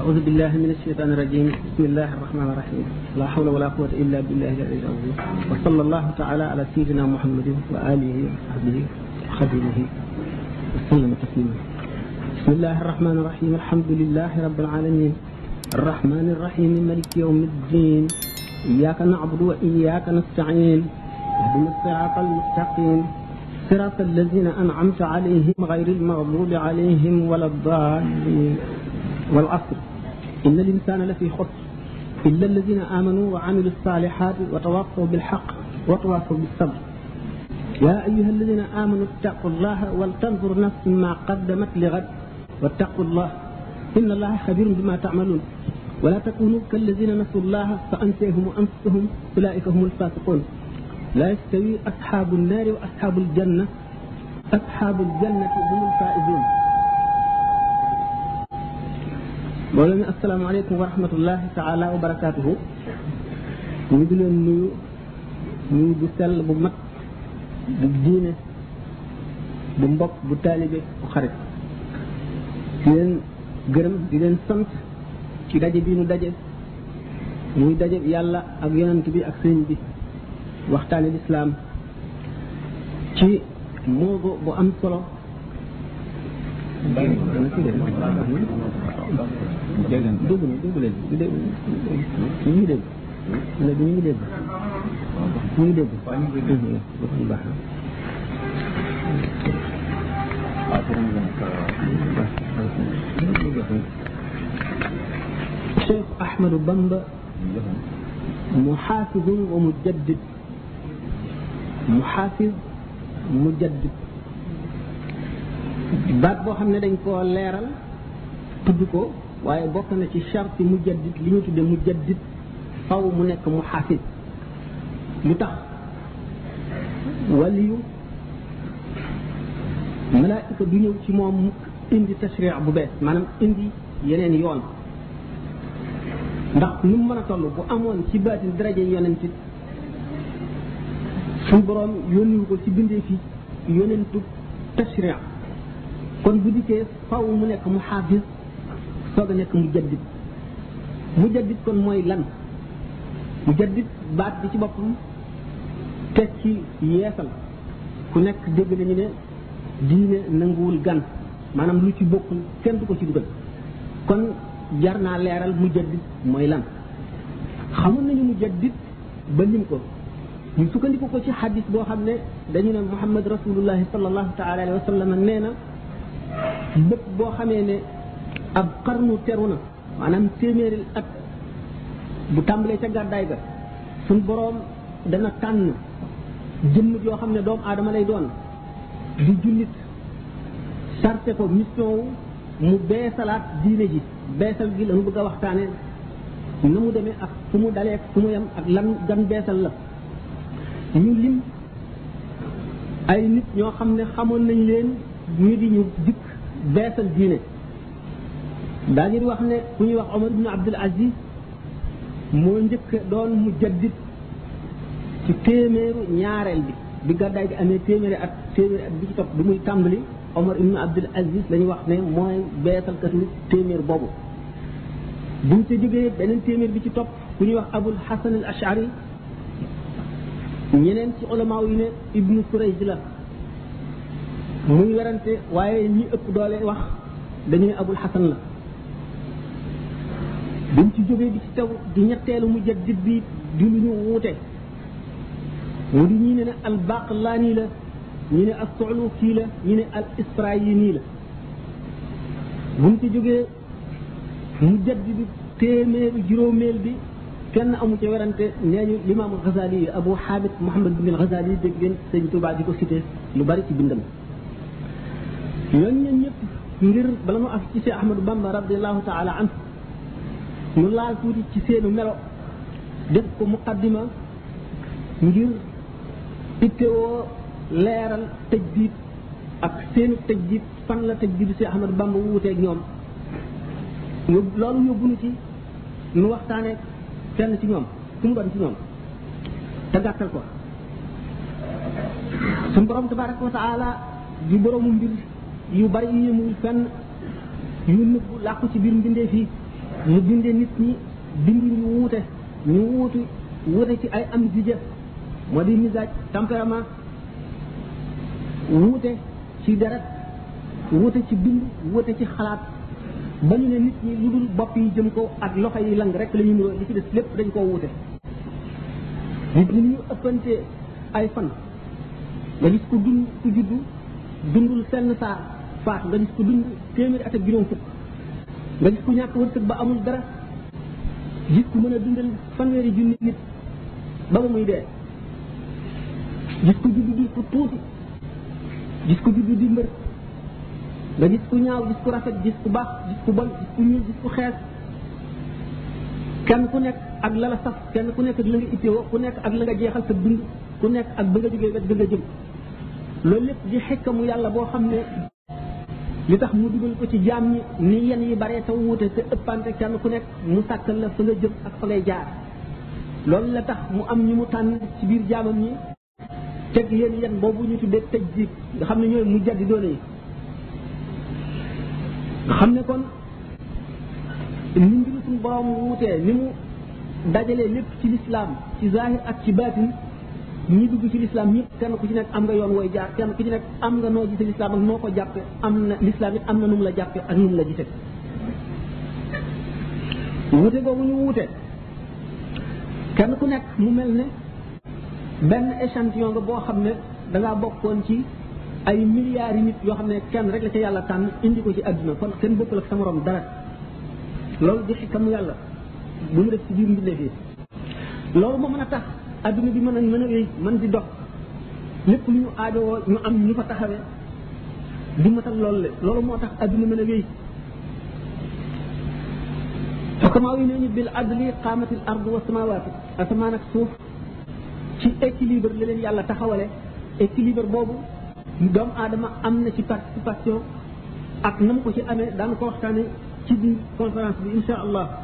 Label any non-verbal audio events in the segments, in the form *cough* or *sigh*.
أعوذ بالله من الشيطان الرجيم بسم الله الرحمن الرحيم لا حول ولا قوة إلا بالله العلي العظيم وصلى الله تعالى على سيدنا محمد وآله وصحبه وخدمه وسلم تسليما بسم الله الرحمن الرحيم الحمد لله رب العالمين الرحمن الرحيم ملك يوم الدين إياك نعبد وإياك نستعين اهدنا الصراط المستقيم صراط الذين أنعمت عليهم غير المغضوب عليهم ولا الضالين والعصر إن الإنسان لفي خط إلا الذين آمنوا وعملوا الصالحات وتواصوا بالحق وتواصوا بالصبر يا أيها الذين آمنوا اتقوا الله ولتنظر نفس ما قدمت لغد واتقوا الله إن الله خبير بما تعملون ولا تكونوا كالذين نسوا الله فأنسيهم وأنفسهم أولئك هم الفاسقون لا يستوي أصحاب النار وأصحاب الجنة أصحاب الجنة هم الفائزون mbooloo mi asalaamaaleykum wa rahmatullahi taala wa barakaatuhu ñu ngi leen nuyu bu sell bu mag bu diine bu mbokk bu taalibe bu xarit di leen gërëm di leen sant ci daje bi nu daje muy daje yàlla ak yonent bi ak sëñ bi waxtaani lislaam ci moogo bu am solo شيخ أحمد البنبا محافظ ومجدد محافظ مجدد بعد بو خامني دنجكو ليرال waaye bokk na ci charti mujaddid li ñu tudde mujaddid faw mu nekk mu xaafid lu tax waliyu malaayika du ñëw ci moom indi tashriix bu bees maanaam indi yeneen yoon ndax nu mu mën a toll bu amoon ci baatin daraje yonent it suñu boroom yónniwu ko ci bindee fi yonentu tashriix kon bu dikkee paw mu nekk mu xaafid soog a nekk mu jaddit kon mooy lan mu baat bi ci boppam teg ci yeesal ku nekk dégg nañu ne diine nanguwul gan maanaam lu ci bokkul kenn du ko ci dugal kon jar naa leeral mu jaddit mooy lan xamoon nañu mu jaddit ba lim ko ñu sukkandiku ko ci xadis boo xam ne dañu ne muhammad rasulullahi sallallahu taala alayhi wa sallam nee na lépp boo xamee ne ab xarnu teru na maanaam téeméeri at bu tàmbalee ca gàddaay ga suñ boroom dana tànn jëmm yoo xam ne doom aadama lay doon di jullit sarte ko mission mu beesalaat diine ji beesal gi lañu bëgg a waxtaane na mu demee ak fu mu dalee fu mu yem ak lan gan beesal la ñu lim ay nit ñoo xam ne xamoon nañu leen ñu di ñu dikk beesal diine daa wax ne ku ñuy wax Omar ibn Abdul Aziz moo njëkk doon mujaddid ci téeméeru ñaareel bi bi gàddaay bi amee téeméeri at téeméeri at bi ci topp bi muy tàmbali Omar ibn Abdul Aziz la wax ne mooy beesalkat nit téeméer boobu bu ñu ca jógee beneen téeméer bi ci topp ku ñuy wax Abul Hasan al Ashari ñeneen ci ulamaaw yi ne ibnu Kurayj la muy werante waaye ñi ëpp doole wax dañu Abul Hasan la duñ ci jógee di ci taw di ñetteelu mu jëg dit bi di lu ñu wuute moo di ñii ne ne al baqlaani la ñi ne al suluki la ñi ne al israyini la buñ ci jógee mu jëg bi téeméeru juróomeel bi kenn amu ca werante nee ñu limaam Ghazali yi Abu Hamid Muhammad bin Ghazali dégg ngeen sëñ Tuubaa di ko cité lu bari ci bindam ñooñu ñëpp ngir bala mu af ci Cheikh Ahmadou Bamba radiallahu taala anhu mu laal tuuti ci seenu melo def ko muqaddima ngir ittewoo leeral tajdiid ak seenu tajdiid fan la tajdiidu si Ahmadu Bamba wuuteeg ñoom loolu yóbbu nu ci nu waxtaanee kenn ci ñoom ku mu doon ci ñoom te gàttal ko suñu borom tabaraka wa taala boroomu mbir yu bari yu yëmul fenn yu nëbbu làqu ci biir mbindee yi mu bindee nit ñi bindin yu wuute ñu wuutu wuute ci ay am jije moo di misaaj tempérament wuute ci deret wuute ci bind wuute ci xalaat ba ñu ne nit ñi lu dul bopp yi jëm ko ak loxo yi lang rek la ñu nuroo li ci des lépp dañ koo wuute nit ñu ëppante ay fan nga gis ko dund ku juddu dundul senn saa faatu nga gis ko dund téeméeri at ak juróom fukk nga gis ku ñàkk wërsëg ba amul dara gis ku mën a dundal fanweeri junni nit ba ba muy dee gis ku juddu di ku tuuti gis ku juddu di mbër nga gis ku ñaaw gis ku rafet gis ku baax gis ku bon gis ku ñuul gis ku xees kenn ku nekk ak la la saf kenn ku nekk ak la nga ku nekk ak la jeexal sa dund ku nekk ak ba nga jógee ba nga jëm loolu lépp di xekkamu yàlla boo xam ne li tax mu dugal ko ci jaam ñi ni yenn yi baree taw wuute te ëppante kenn ku nekk mu sàkkal la fa nga jëm ak fa lay jaar loolu la tax mu am ñi mu tànn ci biir jaamam ñi teg leen yan boobu ñu tuddee tëj ji nga xam ne ñooy mu jaddi doole yi xam ne kon ni mbiru suñu borom wuutee ni mu dajalee lépp ci lislaam ci zahir ak ci baatin ñi dugg ci lislaam ñëpp kenn ku ci nekk am nga yoon wooy jaar kenn ku ci nekk am nga noo gisee lislaam ak noo ko jàppe am na lislaam it am na nu mu la jàppe ak nu la gisee wute googu ñu wute kenn ku nekk mu mel ne benn échantillon nga boo xam ne dangaa bokkoon ci ay milliards yi nit yoo xam ne kenn rek la ca yàlla tànn indi ko ci àdduna kon kenn bokkul ak sa morom dara loolu di xikam yàlla bu mu def ci biir mbindeef yi loolu moo mën tax aduna bi mëna mëna mën eh, man di dox lépp lu ñu wo ñu am ñu fa taxawé di matal lool le loolu moo tax aduna mëna a wéy wi yi bil adli qaamati al ardu wa samawaati asamaan ak suuf ci équilibre la leen yàlla taxawale équilibre boobu doom aadama am na ci participation ak nam ko ci amee daan ko waxtaane ci bi conférence bi insha allah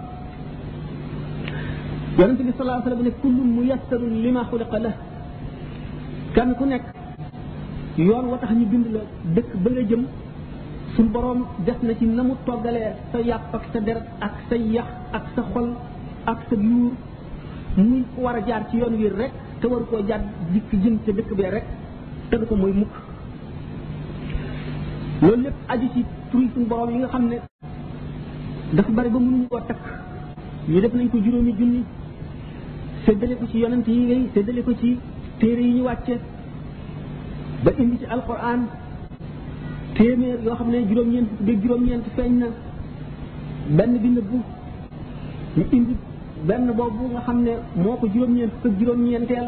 yonente bi salaa sallam ne kullu li lima xuliqa la kenn ku nekk yoon wa ñu bind la dëkk ba nga jëm suñ boroom def na ci na mu toggalee sa yàpp ak sa deret ak sa yàq ak sa xol ak sa yuur muy war a jaar ci yoon wi rek te war koo jaar dikk jëm ca dëkk bee rek te du ko mooy mukk loolu lépp aju ci turi suñ boroom yi nga xam ne dafa bari ba mu koo takk ñu def nañ ko juróomi junni séddale ko ci yonent yi ngay séddale ko ci téere yi ñu wàcce ba indi ci alquran téeméer yoo xam ne juróom-ñeent ba feeñ na benn bi nëbbu ñu indi benn boobu nga xam ne moo ko juróom-ñeent ba juróom-ñeenteel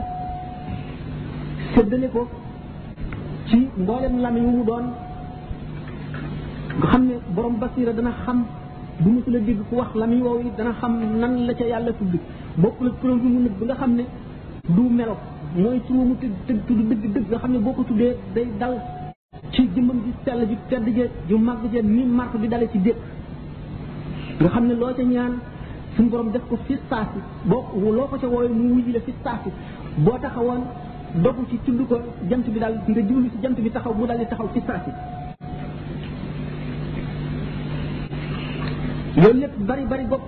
séddale ko ci mboolem lami wu mu doon nga xam ne borom basira dana xam bu mësula dégg ku wax lami woowu dana xam nan la ca yàlla tudd bokk la preuve bi mu nëbb bi nga xam ne du melo mooy turu mu tëdd tudd dëgg dëgg nga xam ne boo ko tuddee day dal ci jëmmam ji sell ji tedd je ju màgg je ni mark bi dale ci dékk nga xam ne loo ca ñaan suñu borom def ko fi saasi boo loo ko ca woowee mu wujj la fi saasi boo taxawoon dogu ci tudd ko jant bi daal nga jublu ci jant bi taxaw mu daal di taxaw fi saasi lépp bari bari bopp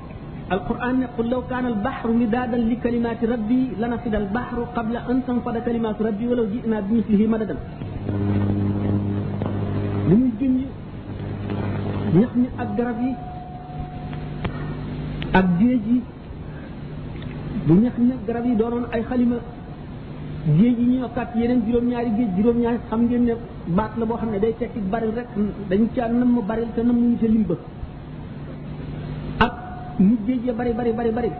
القرآن يقول لو كان البحر مدادا لكلمات ربي لنفد البحر قبل أن تنفد كلمات ربي ولو جئنا بمثله مددا لم يجن نحن أقربي أبجيجي بنحن أقربي دورون أي خلمة جيجي نيوكات يرين جيروم ياري جيج جيروم ياري خمجين بات لبو خمجين دي تكيك باريل رك دي نمو باريل تنمو يتلمبك li géej ya bari bari bari bari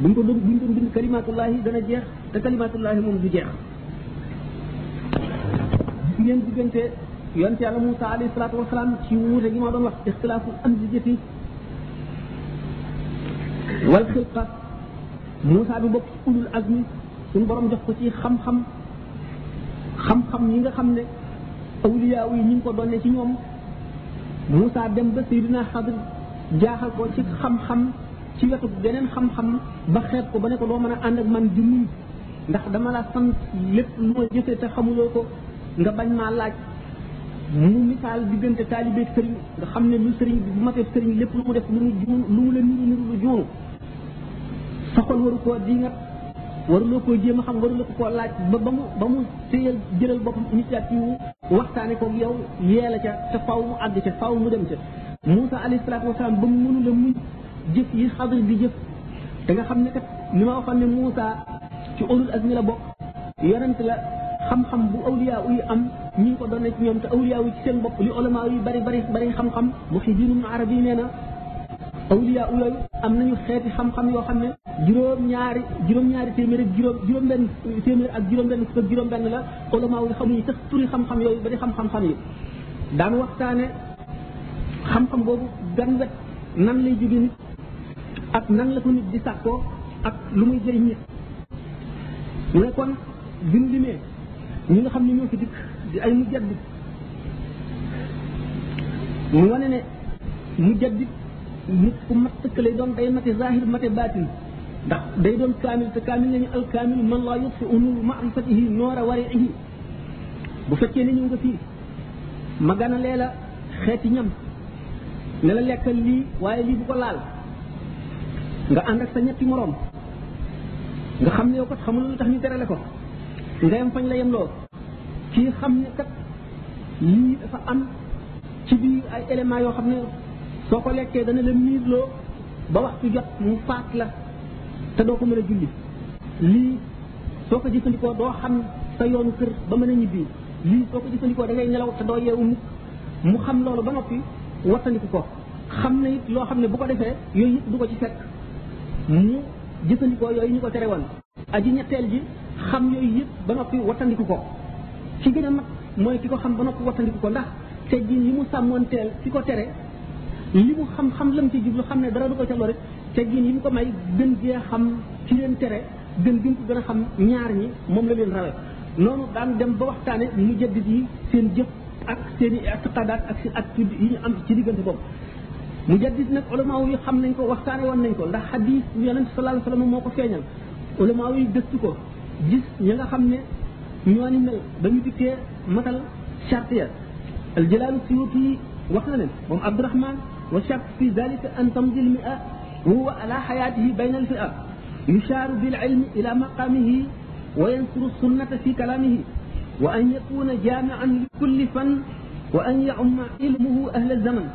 buñ ko doon buñ doon bind kalimatullahi dana jeex te kalimatullahi moom du jeex gis ngeen diggante yonent yàlla Muusa alayhi salaatu wasalaam ci wuute gi ma doon wax ixtilaafu am di jëfi wal xilqa Muusa bi bokk ci ulul azmi suñu borom jox ko ci xam-xam xam-xam yi nga xam ne awliyaa yi ko doon ne ci ñoom Muusa dem ba Seydina Xadir jaaxal ko ci xam-xam ci wetu beneen xam-xam ba xeeb ko ba ne ko doo mën a ànd ak man di muñ ndax dama la sant lépp lu ma jëfee te xamuloo ko nga bañ maa laaj mu misaal diggante taalibe ak sëriñ nga xam ne lu sëriñ bi bu matee sëriñ lépp lu mu def lu mu juun lu mu la niru niru lu juunu sa xol waru koo diingat waruloo koo jéem a xam waruloo ko koo laaj ba ba mu ba mu téyal jëlal bopp initiative waxtaane koog yow yee la ca te faw mu àgg ca faw mu dem ca موسى عليه الصلاة والسلام بمونو لمي جيف يي خضر دي جيف داغا خامني كات نيما وخال ني موسى تي اولو الازمي لا بوك يونت لا خام خام بو اولياء وي ام ني نكو دوني تي نيوم تا اولياء وي سين بوك لي علماء وي بري بري بري خام خام مفيدين العربي نينا اولياء وي ام نيو خيتي خام خام يو خامني جيروم نياري جيروم نياري تيمير جيروم جيروم بن تيمير اك جيروم بن جيروم بن لا علماء وي خامي تخ توري خام خام يوي بري خام خام خام دان وقتانه xam-xam boobu gan wet nan lay jóge nit ak nan la ko nit di sàkkoo ak lu muy jëriñ nit mu ne kon bi mu limee ñi nga xam ne ñoo fi dikk di ay mujaddid mu wane ne mujaddid nit ku mat tëkk lay doon day mate zahir mate baatin ndax day doon kaamil te kaamil nañu al kaamil man laa yutfi unul maarifatihi noora wariihi bu fekkee ne ñëw nga fii ma gana leela xeeti ñam ne la lekkal lii waaye lii bu ko laal nga ànd ak sa ñetti moroom nga xam ne yow kat xamul lu tax ñu terale ko nga yem fañ la yem loo kii xam ne kat lii dafa am ci biir ay éléments yoo xam ne soo ko lekkee dana la miirloo ba waxtu jot mu faat la te doo ko mën a julli lii soo ko jëfandikoo doo xam sa yoonu kër ba mën a ñibbi lii soo ko jëfandikoo da ngay nelaw te doo yeewu mukk mu xam loolu ba noppi wattandiku ko xam ne it loo xam ne bu ko defee yooyu it du ko ci fekk mu jëfandikoo yooyu ñu ko tere woon aji ñetteel ji xam yooy yëpp ba noppi wattandiku ko ki gën a mag mooy ki ko xam ba noppi wattandiku ko ndax te ji li mu sàmmoonteel ki ko tere li mu xam-xam lam ci jublu xam ne dara du ko ca lore te ji yi mu ko may gën gee xam ci leen tere gën gën ko gën a xam ñaar yi moom la leen rawe noonu daan dem ba waxtaane mu jëddit yi seen jëf ak seen i atiqadaat ak si at yi ñu am ci diggante boobu mujaddid nag ulama yi xam nañ ko waxtaane woon nañ ko ndax hadis yonente sallallahu alayhi wasallam moo ko feeñal ulama yi gëstu ko gis ñi nga xam ne ñoo ni mel ba ñu dikkee matal charte ya al jalaalu suyuti wax na leen moom abdurahman wa shart fi dalika an tamdi al mi'a huwa ala hayatihi bayna al fi'a yusharu bil ilmi ila maqamihi وينصر السنة في كلامه وأن يكون جامعا لكل فن وأن يعم علمه أهل الزمن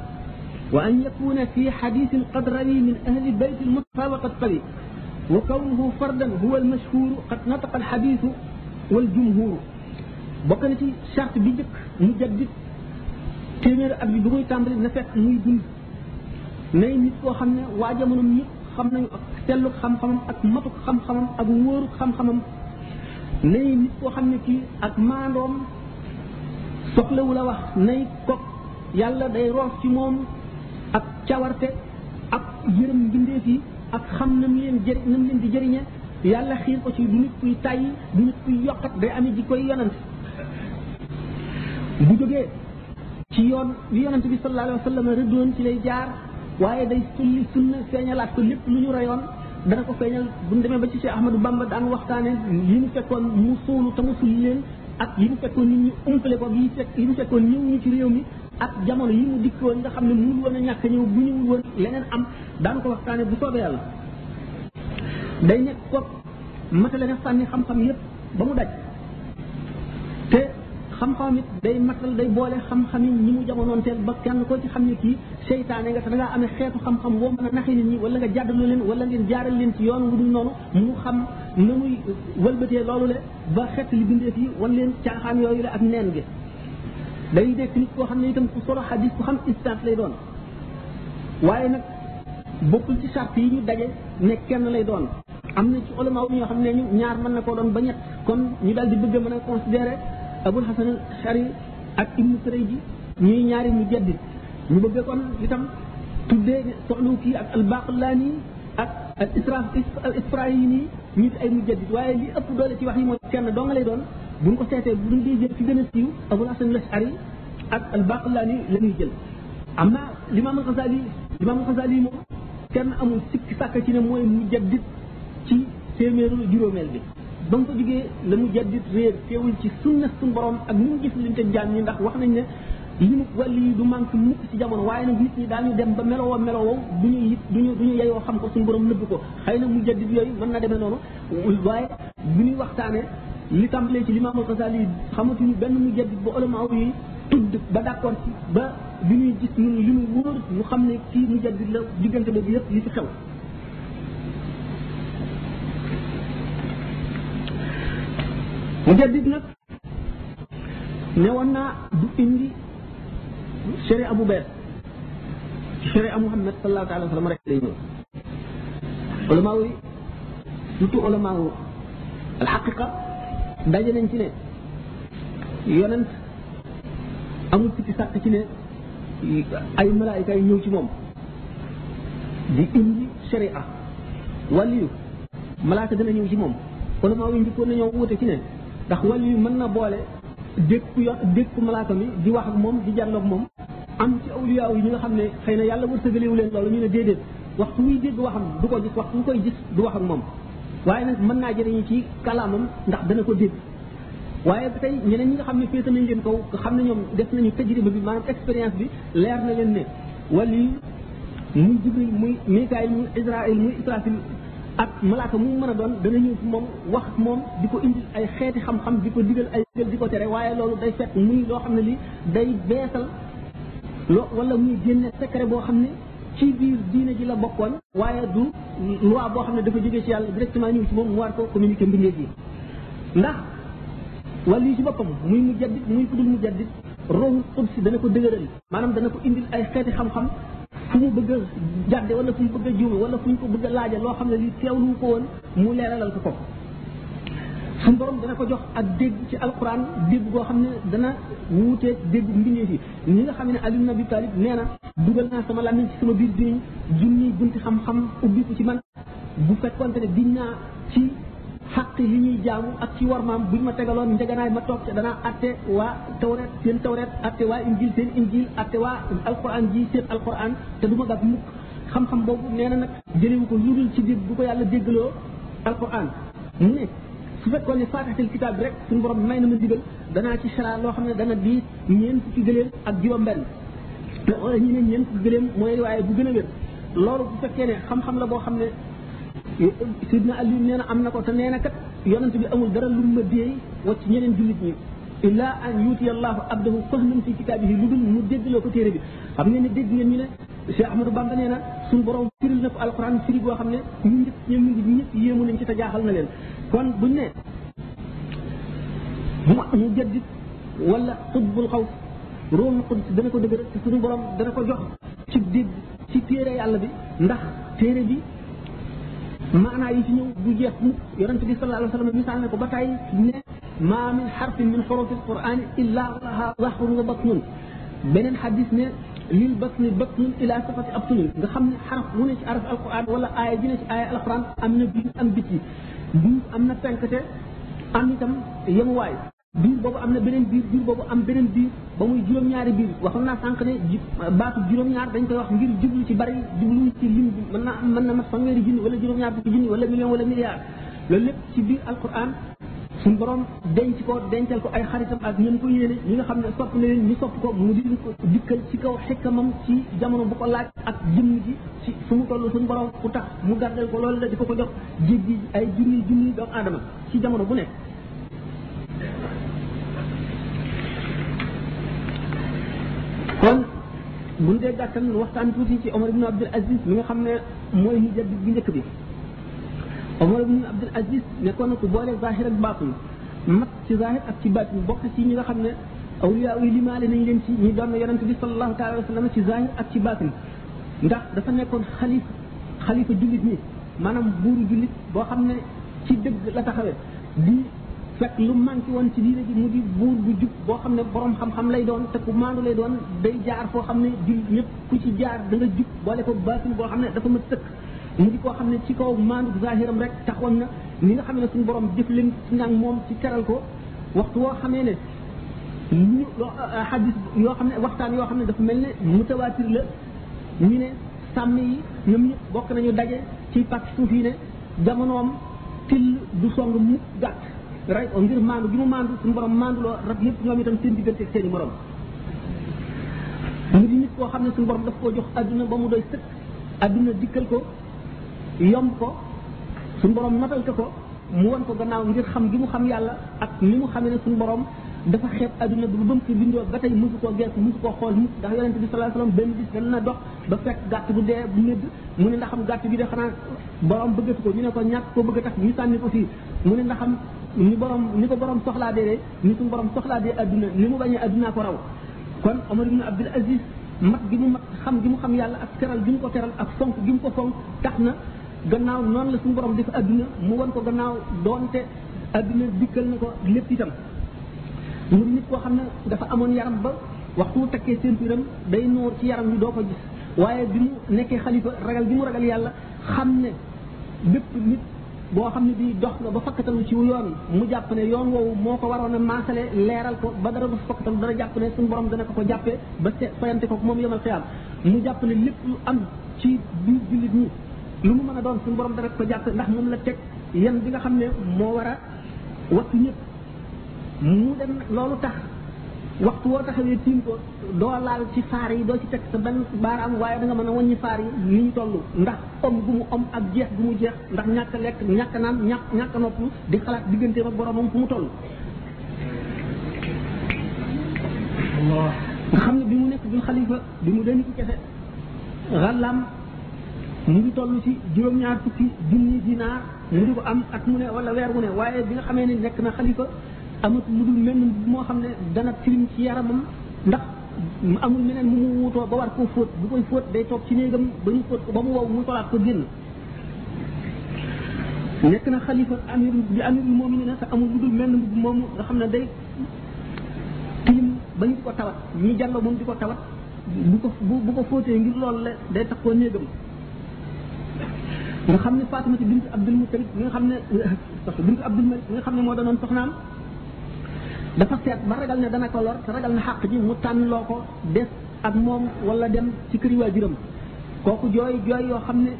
وأن يكون في حديث قدري من أهل بيت المصطفى وقد قرئ وكونه فردا هو المشهور قد نطق الحديث والجمهور بقنتي شرط بيدك مجدد تمر أبي بروي تامر نفق ميدن ناي نيت كو خامني واجا مونوم نيت خامنا يو تلو خام خامم اك ماتو خام خامم nay nit koo xam ne kii ak maandoom soxlawu a wax nay kok yàlla day roof ci moom ak cawarte ak yërëm mbindeef yi ak xam nam leen jëri nam leen di jëriñe yàlla xiir ko ci du nit kuy tàyyi du nit kuy yokkat day amee ji koy yonant bu jógee ci yoon wi yonant bi sallallahu alayhi wa rëddoon ci lay jaar waaye day sulli sunna feeñalaat ko lépp lu ñu reyoon dana ko feeñal bu ñu demee ba ci Cheikh Ahmadou Bamba daan waxtaane yi ñu fekkoon mu suulu te mu sulli leen ak yi mu fekkoon nit ñi umpale ko yi fekk yi mu fekkoon ñëw ñu ci réew mi ak jamono yi mu dikkoon nga xam ne mënul woon a ñàkk ñëw bu ñëwul woon leneen am daan ko waxtaane bu soobee yàlla day nekk ko matale na fànni xam-xam yépp ba mu daj xam-xamam it day matal day boole xam-xam yi ñi mu jamonoonteel ba kenn ko ci xam ne kii seytaane nga te da ngaa amee xeetu xam-xam woo mën a naxe nit ñi wala nga jàddalu leen wala ngeen jaaral leen ci yoon wu dul noonu mu xam na muy wëlbatee loolu le ba xet li bindeef yi wan leen caaxaan yooyu la ak neen gi day nekk nit koo xam ne itam ku solo xadis ku xam istaat lay doon waaye nag bokkul ci sart yi ñu daje ne kenn lay doon am na ci ulama ñoo xam ne ñu ñaar mën na koo doon ba ñett kon ñu daal di bëgg mën a considéré abul hasan shari ak ibnu sarayji ñuy ñaari mu jaddit ñu bëgg kon itam tuddee kii ak al-Baaqlaani ak al isra al Isfirayini ñi ay mu jaddit waaye li ëpp doole ci wax yi mooy kenn doo nga lay doon buñ ko seetee buñ dee jël ci gën a siiw abul hasan ashari ak al-Baaqlaani la ñuy jël am na limaam al-Xasaali limaam al-Xasaali moom kenn amul sikki sàkk ci ne mooy mu jaddit ci téeméeru juróomeel bi ba mu fa jógee la mu jaddit réer teewul ci sunna suñu borom ak ni mu gis liñ te jaam ñi ndax wax nañ ne limu wàllu yi du manque mukk ci jamono waaye nag nit ñi daañu dem ba melowoo melowoo du ñu it duñu du ñu yeyoo xam ko suñu borom nëbb ko xëy na mu jaddit yooyu mën na demee noonu waaye bu ñuy waxtaanee li tàmbalee ci limaamul Xasaali yi xamatuñu benn mu jaddit ba ulama yi tudd ba d'accord ci ba bi ñuy gis ñun li mu wóor ñu xam ne kii mu jaddit la diggante boobu yëpp li fi xew مجدد نك نيوانا دو اندي شري ابو بكر شري محمد صلى الله عليه وسلم رك لي علماء نتو علماء الحقيقه داجي نانتي ني يونس امو تيتي ساتي ني اي ملائكه نيو سي موم دي اندي شريعه وليو ملائكه دا نيو سي موم علماء ندي كون نيو ووتي سي ني ndax wàllu yi mën na boole dékku yo dékku malaaka mi di wax ak moom di jàndoog moom am ci awliyaaw yi ñi nga xam ne xëy na yàlla wërsëgalewu leen loolu ñu ne déedéet waxtu muy dégg waxam du ko gis waxtu mu koy gis du wax ak moom waaye nag mën naa jëriñu ci kalaamam ndax dana ko dégg waaye tey ñeneen ñi nga xam ne féete nañ leen kaw xam ne ñoom def nañu tajriba bi maanaam expérience bi leer na leen ne wàllu yi muy Jibril muy Mikaayil muy Israayil muy Israafil ak malaaka mu mën a doon dana ñëw ci moom wax ak moom di ko indil ay xeeti xam-xam di ko digal ay digal di ko tere waaye loolu day fekk muy loo xam ne li day beesal lo wala muy génne secret boo xam ne ci biir diine ji la bokkoon waaye du loi boo xam ne dafa jógee ci yàlla directement ñëw ci moom mu war ko communiquer mbindeef yi ndax wàllu ci boppam muy mu jaddit muy ku dul mu jaddit rohu qudsi dana ko dëgëral maanaam dana ko indil ay xeeti xam-xam fu mu bëgg a jàdde wala fu mu bëgg a juume wala fu ñu ko bëgg laaja loo xam ne li teewlu ko woon mu leeralal ko ko suñu borom dana ko jox ak dégg ci alquran dégg goo xam ne dana wuuteeg dégg mbindeef yi ñi nga xam ne Ali ibn Abi Talib nee na dugal naa sama làmmiñ ci sama biir diniñ junni bunti xam-xam ubbi ko ci man bu fekkonte ne diñ naa ci àq yi ñuy jaamu ak ci warmaam buñ ma tegaloon njëganaay ma toog ca danaa atte waa tawret seen tawret atte waa injil seen injil atte waa alquran ji seen alquran te du ma gàtt mukk xam-xam boobu nee na nag jëliwu ko lu dul ci biir bu ko yàlla déggaloo alquran mu ne su fekkoon ne faatixatil kitaab bi rek suñu borom may na ma digal danaa ci sara loo xam ne dana di ñeen fukki gëléem ak juróom benn te ñu ne ñeen fukki gëléem mooy waaye bu gën a wér loolu bu xam la boo xam ne sidna Ali nee na ko te يونس بي امول دارا لوم ديي وات نينن جوليت ني الا ان يوتي الله عبده فهم في كتابه لودن مو ديد لو كو تيري بي خام ني ني ديد ني ني شيخ احمد بان نينا سون بروم فيرل نكو القران فيري بو خام ني ني ني ني ني ني ييمو نين سي تا جاخال نالين كون بو ني مو ني ديد ولا قطب الخوف روح القدس دا نكو دغ رك سون بروم دا نكو جوخ سي ديد سي تيري الله بي نده تيري بي معنى يسمى بجيح يرنت بي صلى الله عليه وسلم بيسا عنك بكاي ما من حرف من حروف القرآن إلا لها ظهر وبطن بين حديثنا للبطن بطن إلى صفة أبطن دخل حرف ونش أعرف القرآن ولا آية جنش آية الأخران أمن نبي أم بتي بي أم نتنكتة أم نتم يموائي biir boobu am na beneen biir biir boobu am beneen biir ba muy juróom-ñaari biir waxoon naa sànq ne baatu juróom-ñaar dañ koy wax ngir jublu ci bari jublu ci lim bi mën na mën na mat fanweeri junni wala juróom-ñaar fukki junni wala million wala milliard loolu lépp ci biir alquran suñu borom ko dencal ko ay xaritam ak ñen ko yéene ñi xam ne sopp na leen ñu sopp ko mu di ko dikkal ci kaw xikkamam ci jamono bu ko laaj ak jëmm ji ci mu toll suñu borom ku tax mu gàrdal ko loolu la di ko ko jox jéggi ay junni junni doomu aadama ci jamono bu nekk buñ dee gàttal waxtaan tuuti ci Omar ibn Abdul Aziz mi nga xam ne mooy hijab bi njëkk bi Omar ibn Abdul Aziz nekkoon ku boole zahir ak baatin mat ci zahir ak ci baatin bokk ci ñi nga xam ne awliya yi limaale nañ leen ci ñi doon yonent bi sallallahu taala wa sallam ci zahir ak ci baatin ndax dafa nekkoon xalif xalifa jullit ñi maanaam buuru jullit boo xam ne ci dëgg la taxawee di fekk lu manqué woon ci diine ji mu di buur bu jub boo xam ne borom xam-xam lay doon te ku maandu lay doon day jaar foo xam ne jul ñëpp ku ci jaar da nga jub boole ko baatin boo xam ne dafa ma sëkk mu di xam ne ci kaw maandu zahiram rek taxoon na ni nga xam ne suñu borom jëflin ci nag moom ci teral ko waxtu woo xamee ne ñu euh, xadis xam ne waxtaan yoo xam ne dafa mel ne mutawaatir la ñu ne sàmm yi ñoom ñëpp bokk nañu daje ci pàcc suuf yi ne jamonoom till du song mukk gàtt ray ngir maandu gi mu maandu suñu borom maandu loo rab yëpp ñoom itam seen diggante seen i morom ngir nit koo xam ne suñu borom daf koo jox adduna ba mu doy sëkk adduna dikkal ko yomb ko suñu borom natal ko mu wan ko gannaaw ngir xam gi mu xam yàlla ak ni mu xam ne suñu borom dafa xeeb adduna bi ba mu fi bindoo ba tey mosu koo gees mosu koo xool mos ndax yonente bi sallallahu alayhi wasallam benn bis dana dox ba fekk gàtt bu dee bu mu ne ndax xam gàtt bi de xanaa borom bëggatu ko ñu ne ko koo bëgg a tax ñu sànni ko fii mu ne ndax ni borom ni ko borom soxlaa dee ni suñu borom soxlaa dee adduna ni mu bañee addunaa ko raw kon Omar ibn Abdul Aziz mat gi mu mat xam gi mu xam yàlla ak teral gi mu ko teral ak fonk gi mu ko fonk tax na gannaaw noonu la suñu borom def adduna mu won ko gannaaw doonte adduna dikkal na ko lépp itam ñu nit koo xam ne dafa amoon yaram ba wax waxtu takkee ceinturam day noor ci yaram wi doo ko gis waaye bi mu nekkee xalifa ragal bi mu ragal yàlla xam ne bépp boo xam ne bii dox nga ba fakkatalu ci yoon mu jàpp ne yoon woowu moo ko waroon a maasale leeral ko ba dara du fakkatalu dana jàpp ne suñu borom dana ko ko jàppe ba se fayante ko moom yomal xiyaam mu jàpp ne lépp lu am ci biir jullit ñi lu mu mën a doon suñu borom dana ko jàpp ndax moom la teg yan bi nga xam ne moo war a wattu ñëpp mu dem loolu tax waxtu woo taxawee tiim ko doo laal ci faar yi doo ci teg sa benn baaraam waaye da mën a wàññi faar yi ni ñu toll ndax om gu mu om ak jeex gu mu jeex ndax ñàkk lekk ñàkk naan ñàkk ñàkk noppu di xalaat digganteem ak boromam fu mu toll nga xam ne bi mu nekk bi xalifa bi mu deni ko kese xalam mu ngi toll ci juróom-ñaar fukki junni dinaar mu di ko am ak mu ne wala weer wu ne waaye bi nga xamee ne nekk na xalifa amatu lu dul mel moo xam ne dana tilim ci yaramam ndax amul meneen mu mu wutoo ba war koo fóot bu koy fóot day toog ci néegam ba ñu fóot ko ba mu wow mu tolaat ko génn nekk na xalifa amir bi amirul mu'minin te amul lu dul mel mbubb moomu nga xam ne day tilim ko tawat ñi jàlloo moom di ko tawat bu ko bu ko fóotee ngir loolu la day tax koo néegam nga xam ne Fatimata bint Abdul Muttalib nga xam ne *laughs* bintu Abdul Malik nga xam ne moo doonoon soxnaam dafa seet ba ragal ne dana ko lor te ragal na xàq ji mu tànn loo ko des ak moom wala dem ci kër waajuram kooku jooy jooy yoo xam ne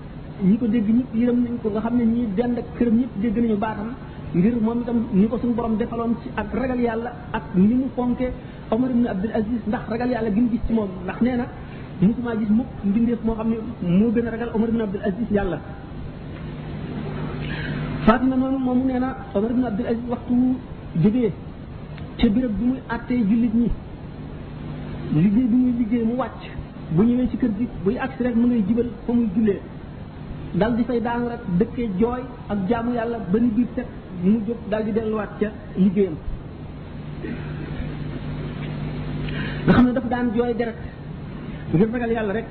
ñi ko dégg ñëpp yërëm nañ ko nga xam ne ñii dend ak ñëpp dégg nañu baatam ngir moom itam ni ko suñu borom defaloon ci ak ragal yàlla ak ni mu fonke Omar ibn Abdul Aziz ndax ragal yàlla gi ci moom ndax nee na musuma gis mukk mbindeef moo xam ne moo gën a ragal Omar ibn Abdul Aziz yàlla Fatima noonu moomu nee na Omar ibn Abdul Aziz waxtu jógee ca béréb bi muy àttee jullit ñi liggéey bi muy liggéey mu wàcc bu ñëwee ci kër gi buy agsi rek mu ngay jibal fa muy jullee dal di fay daanu rek dëkkee jooy ak jaamu yàlla ba ni biir set mu jóg dal di delluwaat ca liggéeyam nga xam ne daf daan jooy deret ngir ragal yàlla rek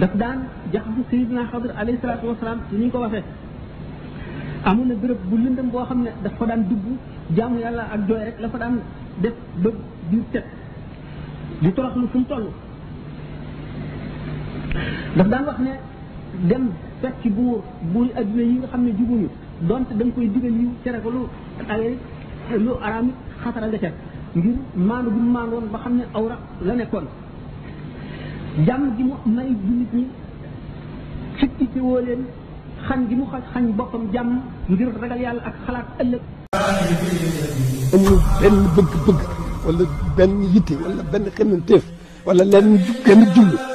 daf daan jaxasu sayidina xadr alayhi salaatu wasalaam ni ñu ko waxee amoon na béréb bu lëndëm boo xam ne daf ko daan dugg jaamu yàlla ak jooy rek la fa daan def ba di teg di toroxlu fu mu toll daf daan wax ne dem fekk buur buur adduna yi nga xam ne jubuñu donte da nga koy digal yiw tere ko lu ay lu araam it xasara nga ca ngir maandu bu maandu woon ba xam ne awra la nekkoon jàmm gi mu may jullit ñi ci ittewoo leen xañ gi mu xañ boppam jàmm ngir ragal yàlla ak xalaat ëllëg amul benn bëgg-bëgg wala benn yitte wala benn xemmanteef wala lenn benn jublu